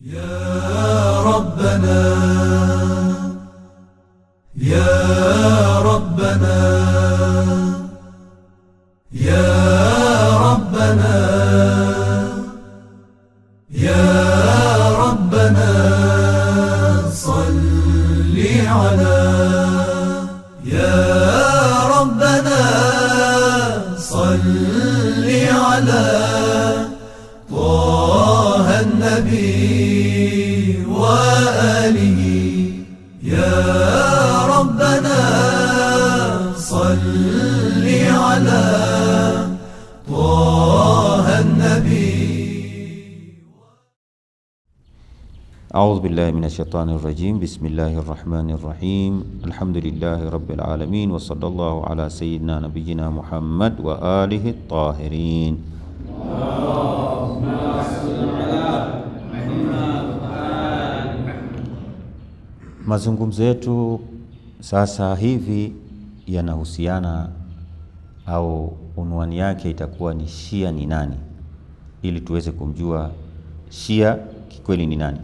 يا ربنا يا ربنا النبي وآله يا ربنا صل على طه النبي أعوذ بالله من الشيطان الرجيم بسم الله الرحمن الرحيم الحمد لله رب العالمين وصلى الله على سيدنا نبينا محمد وآله الطاهرين آه. Mazungumzo yetu sasa hivi yanahusiana au unwani yake itakuwa ni Shia ni nani, ili tuweze kumjua Shia kikweli ni nani.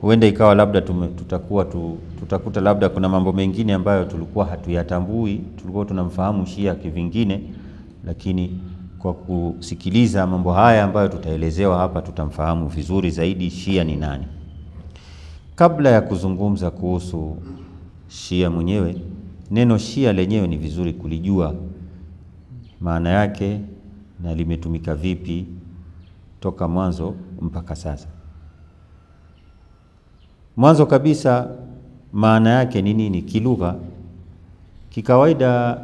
Huenda ikawa labda tume, tutakuwa tu, tutakuta labda kuna mambo mengine ambayo tulikuwa hatuyatambui, tulikuwa tunamfahamu Shia kivingine, lakini kwa kusikiliza mambo haya ambayo tutaelezewa hapa tutamfahamu vizuri zaidi Shia ni nani. Kabla ya kuzungumza kuhusu Shia mwenyewe, neno Shia lenyewe ni vizuri kulijua maana yake na limetumika vipi toka mwanzo mpaka sasa. Mwanzo kabisa, maana yake ni nini kilugha? Kikawaida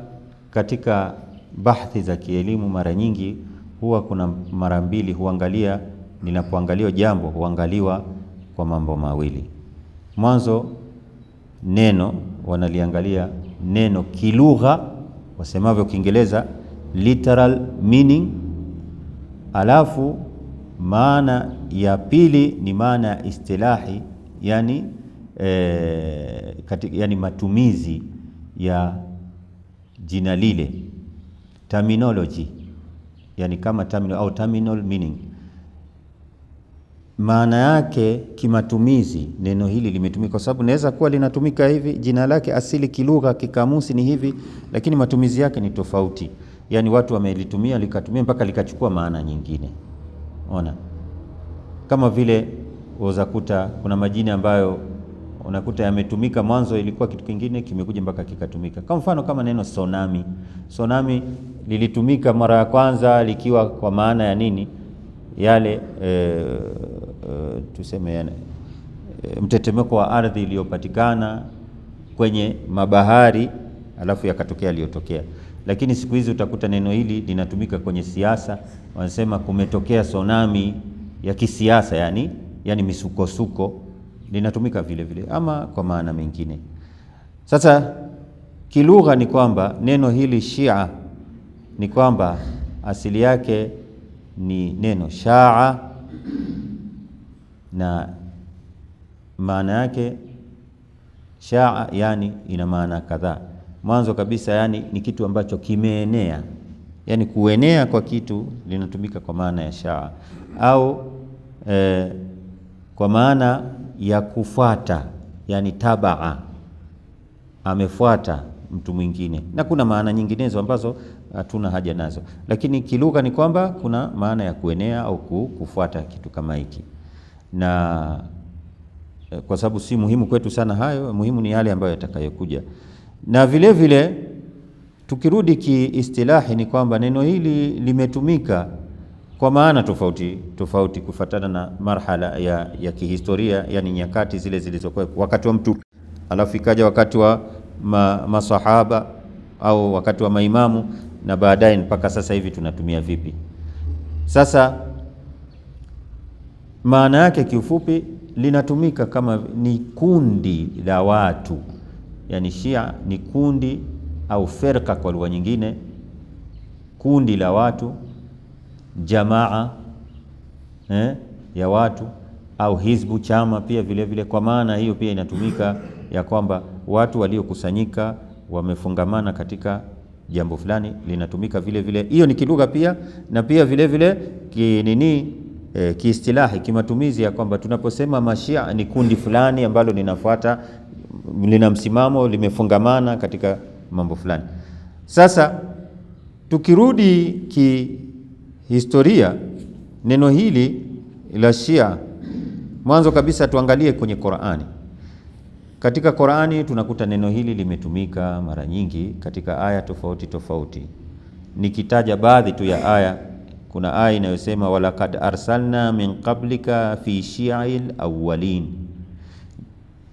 katika bahthi za kielimu, mara nyingi huwa kuna mara mbili huangalia. Linapoangaliwa jambo huangaliwa kwa mambo mawili. Mwanzo neno wanaliangalia neno kilugha, wasemavyo Kiingereza literal meaning, alafu maana ya pili ni maana ya istilahi yani, e, eh, katika, yani matumizi ya jina lile terminology, yani kama terminal, au terminal meaning maana yake kimatumizi neno hili limetumika, kwa sababu naweza kuwa linatumika hivi, jina lake asili kilugha kikamusi ni hivi, lakini matumizi yake ni tofauti. Yani watu wamelitumia likatumia mpaka likachukua maana nyingine. Ona, kama vile uzakuta kuna majina ambayo unakuta yametumika mwanzo ilikuwa kitu kingine, kimekuja mpaka kikatumika. Kwa mfano kama neno sonami, sonami lilitumika mara ya kwanza likiwa kwa maana ya nini yale e, Eh, tuseme eh, mtetemeko wa ardhi iliyopatikana kwenye mabahari alafu yakatokea aliyotokea. Lakini siku hizi utakuta neno hili linatumika kwenye siasa, wanasema kumetokea tsunami ya kisiasa, yani, yani misukosuko linatumika vile vile, ama kwa maana mengine. Sasa kilugha ni kwamba neno hili Shia ni kwamba asili yake ni neno shaa na maana yake shaa, yani ina maana kadhaa. Mwanzo kabisa, yani ni kitu ambacho kimeenea, yani kuenea kwa kitu linatumika kwa maana ya shaa au e, kwa maana ya kufuata, yani tabaa, amefuata mtu mwingine, na kuna maana nyinginezo ambazo hatuna haja nazo, lakini kilugha ni kwamba kuna maana ya kuenea au kufuata kitu kama hiki na eh, kwa sababu si muhimu kwetu sana hayo, muhimu ni yale ambayo yatakayokuja. Na vile vile tukirudi kiistilahi, ni kwamba neno hili limetumika kwa maana tofauti tofauti kufatana na marhala ya, ya kihistoria, yani nyakati zile zilizokuwa wakati wa mtu, alafu ikaja wakati wa ma, masahaba au wakati wa maimamu na baadaye mpaka sasa hivi tunatumia vipi sasa maana yake kiufupi, linatumika kama ni kundi la watu, yani Shia ni kundi au ferka kwa lugha nyingine, kundi la watu, jamaa eh, ya watu au hizbu, chama pia vile vile. Kwa maana hiyo pia inatumika ya kwamba watu waliokusanyika wamefungamana katika jambo fulani, linatumika vile vile. Hiyo ni kilugha pia na pia vile vile kinini e, kiistilahi kimatumizi ya kwamba tunaposema mashia ni kundi fulani ambalo linafuata lina msimamo limefungamana katika mambo fulani. Sasa tukirudi kihistoria, neno hili la shia, mwanzo kabisa tuangalie kwenye Qur'ani. Katika Qur'ani tunakuta neno hili limetumika mara nyingi katika aya tofauti tofauti, nikitaja baadhi tu ya aya kuna aya inayosema walakad arsalna min qablika fi shi'il awwalin,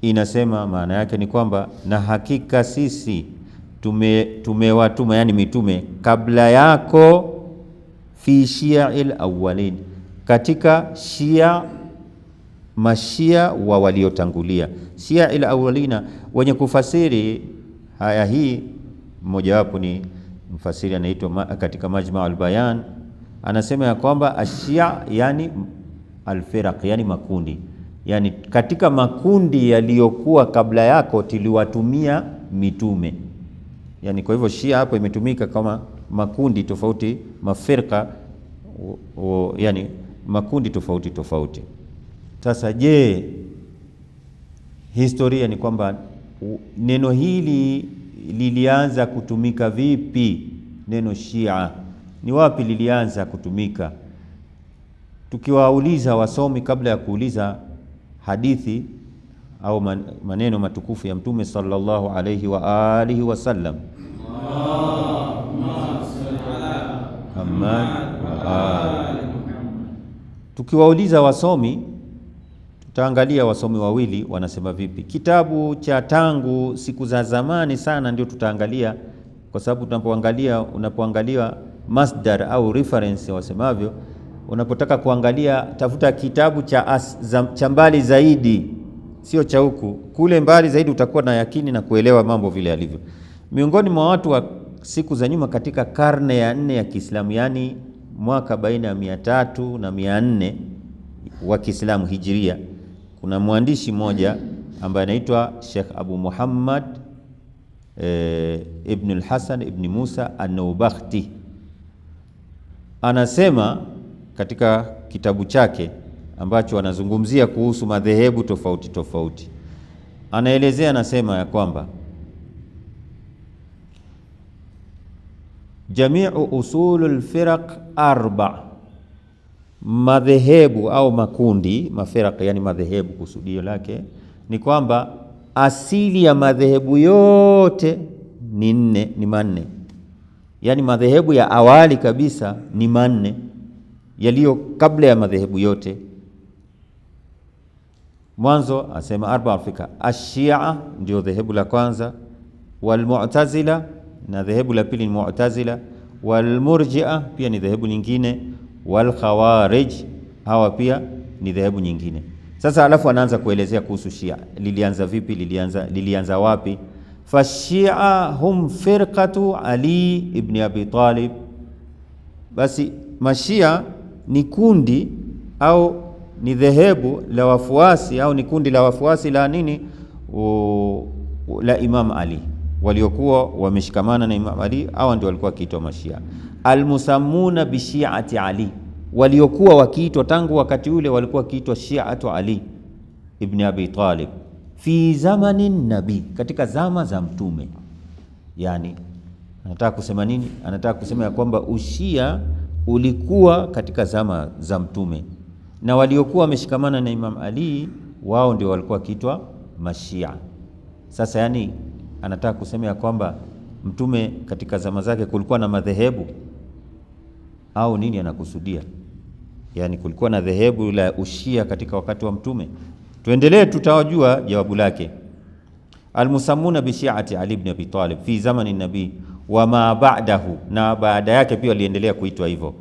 inasema maana yake ni kwamba na hakika sisi tume tumewatuma yani mitume kabla yako, fi shi'il awwalin, katika shia mashia wa waliotangulia. Shi'il awwalina, wenye kufasiri haya hii mmojawapo ni mfasiri anaitwa katika Majma al-Bayan anasema ya kwamba ashia, yani alfiraq, yani makundi, yani katika makundi yaliyokuwa kabla yako tuliwatumia mitume. Yani kwa hivyo shia hapo imetumika kama makundi tofauti, mafirqa o, yani makundi tofauti tofauti. Sasa je, historia ni kwamba neno hili lilianza kutumika vipi neno shia? ni wapi lilianza kutumika? Tukiwauliza wasomi kabla ya kuuliza hadithi au maneno matukufu ya Mtume sallallahu alayhi wa alihi wasallam, tukiwauliza wasomi, tutaangalia wasomi wawili wanasema vipi. Kitabu cha tangu siku za zamani sana ndio tutaangalia, kwa sababu tunapoangalia unapoangalia masdar au reference wasemavyo, unapotaka kuangalia, tafuta kitabu cha, as, za, cha mbali zaidi, sio cha huku. Kule mbali zaidi utakuwa na yakini na kuelewa mambo vile yalivyo. Miongoni mwa watu wa siku za nyuma katika karne ya nne ya Kiislamu, yaani mwaka baina ya mia tatu na mia nne wa Kiislamu hijiria, kuna mwandishi mmoja ambaye anaitwa Sheikh Abu Muhammad e, eh, Ibn al-Hasan Ibn Musa an-Naubakhti anasema katika kitabu chake ambacho anazungumzia kuhusu madhehebu tofauti tofauti, anaelezea anasema ya kwamba jamiu usulul firaq arba, madhehebu au makundi mafiraq, yani madhehebu kusudio lake ni kwamba asili ya madhehebu yote ni nne, ni manne yaani madhehebu ya awali kabisa ni manne yaliyo kabla ya madhehebu yote. Mwanzo asema arba Afrika, ashia ndio dhehebu la kwanza, walmu'tazila na dhehebu la pili ni mu'tazila, walmurjia pia ni dhehebu nyingine, walkhawarij hawa pia ni dhehebu nyingine. Sasa alafu anaanza kuelezea kuhusu Shia lilianza vipi, lilianza, lilianza wapi fashia hum firqatu Ali ibn Abi Talib. Basi mashia ni kundi au ni dhehebu la wafuasi au ni kundi la wafuasi la nini la Imam Ali waliokuwa wameshikamana na Imam Ali, hawa ndio walikuwa wakiitwa mashia almusamuna bishiati Ali, waliokuwa wakiitwa tangu wakati ule walikuwa wakiitwa shiatu Ali ibn Abi Talib fi zamani nabii, katika zama za mtume. Yani anataka kusema nini? Anataka kusema ya kwamba ushia ulikuwa katika zama za mtume, na waliokuwa wameshikamana na Imam Ali wao ndio walikuwa wakiitwa mashia. Sasa yani anataka kusema ya kwamba mtume katika zama zake kulikuwa na madhehebu au nini? Anakusudia yani kulikuwa na dhehebu la ushia katika wakati wa mtume Tuendelee, tutawajua jawabu lake. Almusamuna bishiati Ali ibn Abi Talib fi zamani nabii wa ma ba'dahu, na baada yake pia waliendelea kuitwa hivyo.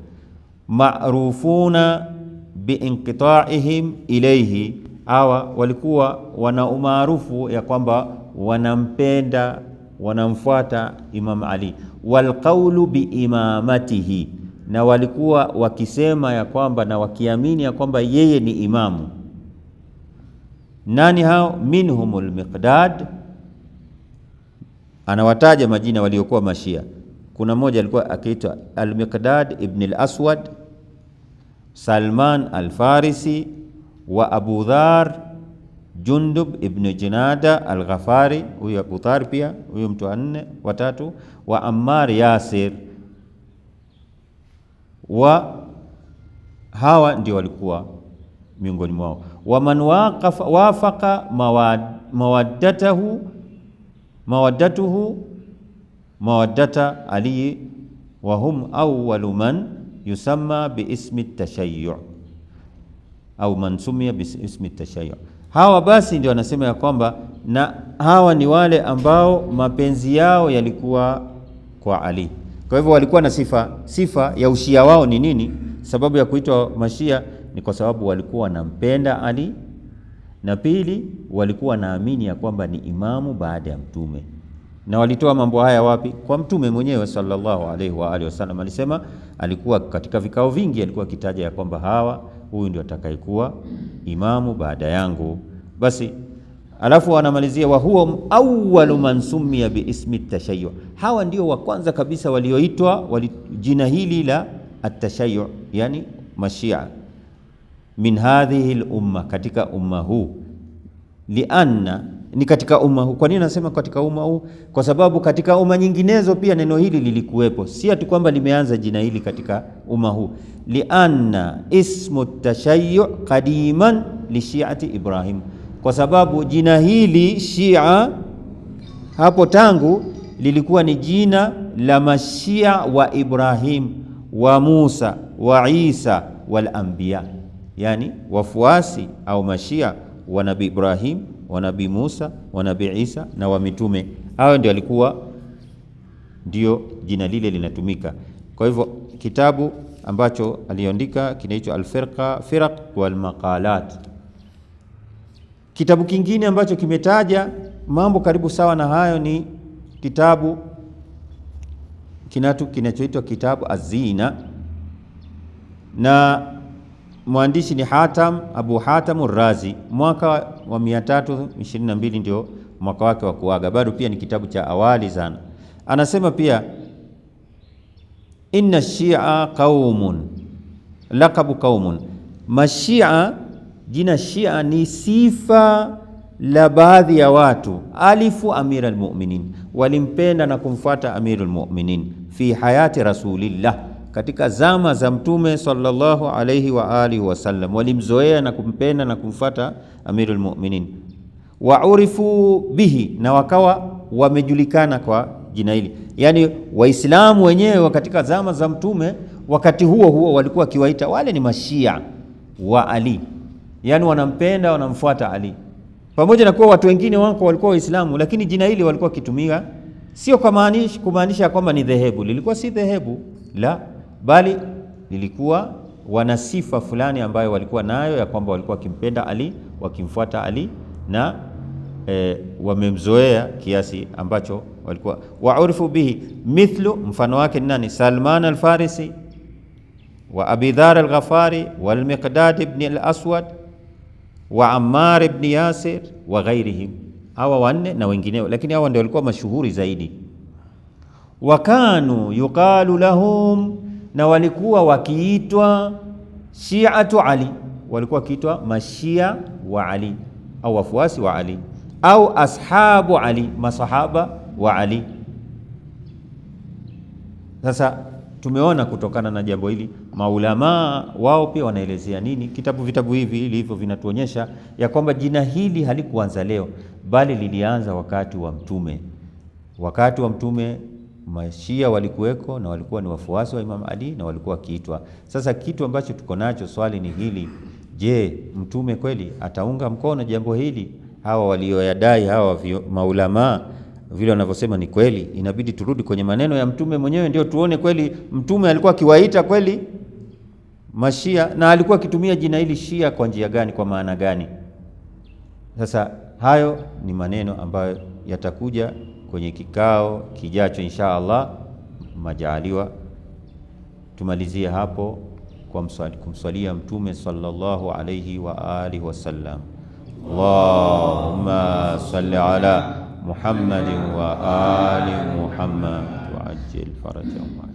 Marufuna biinqita'ihim ilayhi, hawa walikuwa wana umaarufu ya kwamba wanampenda wanamfuata Imam Ali. Walqaulu biimamatihi, na walikuwa wakisema ya kwamba na wakiamini ya kwamba yeye ni imamu nani hao? Minhumul Miqdad, anawataja majina waliokuwa Mashia. Kuna mmoja alikuwa akiitwa Al-Miqdad ibn al-Aswad, Salman al-Farisi wa Abu Dhar Jundub ibn jinada al-Ghafari, huyu Abu Dhar pia, huyu mtu wanne watatu wa Ammar Yasir wa hawa ndio walikuwa miongoni mwao waman wafaqa mawaddatahu mawaddatuhu mawaddata Ali wa hum awwalu man yusamma biismi tashayyu au man sumia biismi tashayyu. Hawa basi ndio wanasema ya kwamba na hawa ni wale ambao mapenzi yao yalikuwa kwa Ali. Kwa hivyo walikuwa na sifa sifa ya ushia wao ni nini? Sababu ya kuitwa mashia ni kwa sababu walikuwa wanampenda Ali na pili walikuwa wanaamini ya kwamba ni imamu baada ya mtume. Na walitoa mambo haya wapi? Kwa mtume mwenyewe sallallahu alaihi wa alihi wasallam alisema, alikuwa katika vikao vingi alikuwa akitaja ya kwamba hawa, huyu ndio atakayekuwa imamu baada yangu. Basi alafu wanamalizia wa huwa awwalu man summiya bi ismi tashayu, hawa ndio wa kwanza kabisa walioitwa wali, jina hili la atashayu, yani mashia min hadhihi lumma, katika umma huu. Lianna ni katika umma huu. Kwa nini nasema katika umma huu? Kwa sababu katika umma nyinginezo pia neno hili lilikuwepo, si ati kwamba limeanza jina hili katika umma huu. Lianna ismu tashayu qadiman lishiati Ibrahim, kwa sababu jina hili Shia hapo tangu lilikuwa ni jina la mashia wa Ibrahim wa Musa wa Isa wal anbiya yani wafuasi au mashia wa Nabii Ibrahim, wa Nabi Musa, wa Nabii Isa na wa mitume. Hao ndio alikuwa ndio jina lile linatumika. Kwa hivyo kitabu ambacho aliandika kinaitwa Al-Firqa Firaq wal Maqalat. Kitabu kingine ambacho kimetaja mambo karibu sawa na hayo ni kitabu kinatu kinachoitwa kitabu Azina na mwandishi ni Hatam Abu Hatam Razi, mwaka wa 322 ndio mwaka wake wa kuaga, bado pia ni kitabu cha awali sana. Anasema pia inna shia qaumun laqabu qaumun, mashia jina shia ni sifa la baadhi ya watu. alifu amira almu'minin, walimpenda na kumfuata amirul mu'minin fi hayati rasulillah katika zama za Mtume sallallahu alayhi wa alihi wasallam walimzoea na kumpenda na kumfata Amirul Mu'minin, wa urifu bihi, na wakawa wamejulikana kwa jina hili. Yani Waislamu wenyewe katika zama za Mtume wakati huo huo walikuwa wakiwaita wale ni mashia wa Ali, yani wanampenda wanamfuata Ali, pamoja na kuwa watu wengine wako walikuwa Waislamu, lakini jina hili walikuwa wakitumia sio kumaanisha kwamba ni dhehebu, lilikuwa si dhehebu la bali lilikuwa wana sifa fulani ambayo walikuwa nayo ya kwamba walikuwa wakimpenda Ali, wakimfuata Ali na e, wamemzoea kiasi ambacho walikuwa waurifu bihi. Mithlu, mfano wake ni nani? Salman al-Farisi wa Abi Dhar al-Ghafari wal Miqdad ibn al-Aswad wa Ammar ibn Yasir wa ghairihim, hawa wanne na wengineo, lakini hawa ndio walikuwa mashuhuri zaidi. Wakanu yuqalu lahum na walikuwa wakiitwa shiatu Ali, walikuwa wakiitwa mashia wa Ali au wafuasi wa Ali au ashabu Ali, masahaba wa Ali. Sasa tumeona kutokana na jambo hili maulamaa wao pia wanaelezea nini. Kitabu vitabu hivi ilivyo vinatuonyesha ya kwamba jina hili halikuanza leo, bali lilianza wakati wa Mtume, wakati wa Mtume Mashia walikuweko na walikuwa ni wafuasi wa Imam Ali na walikuwa wakiitwa. Sasa kitu ambacho tuko nacho swali ni hili, je, mtume kweli ataunga mkono jambo hili? Hawa walioyadai hawa maulamaa vile wanavyosema ni kweli? Inabidi turudi kwenye maneno ya mtume mwenyewe ndio tuone kweli mtume alikuwa akiwaita kweli Mashia na alikuwa akitumia jina hili Shia kwa njia gani, kwa maana gani? Sasa hayo ni maneno ambayo yatakuja kwenye kikao kijacho insha Allah majaaliwa, tumalizie hapo kwa mswali, kumswalia Mtume sallallahu alayhi wa alihi wasallam. Allahumma salli ala Muhammadin wa ali Muhammad wa ajil farajahum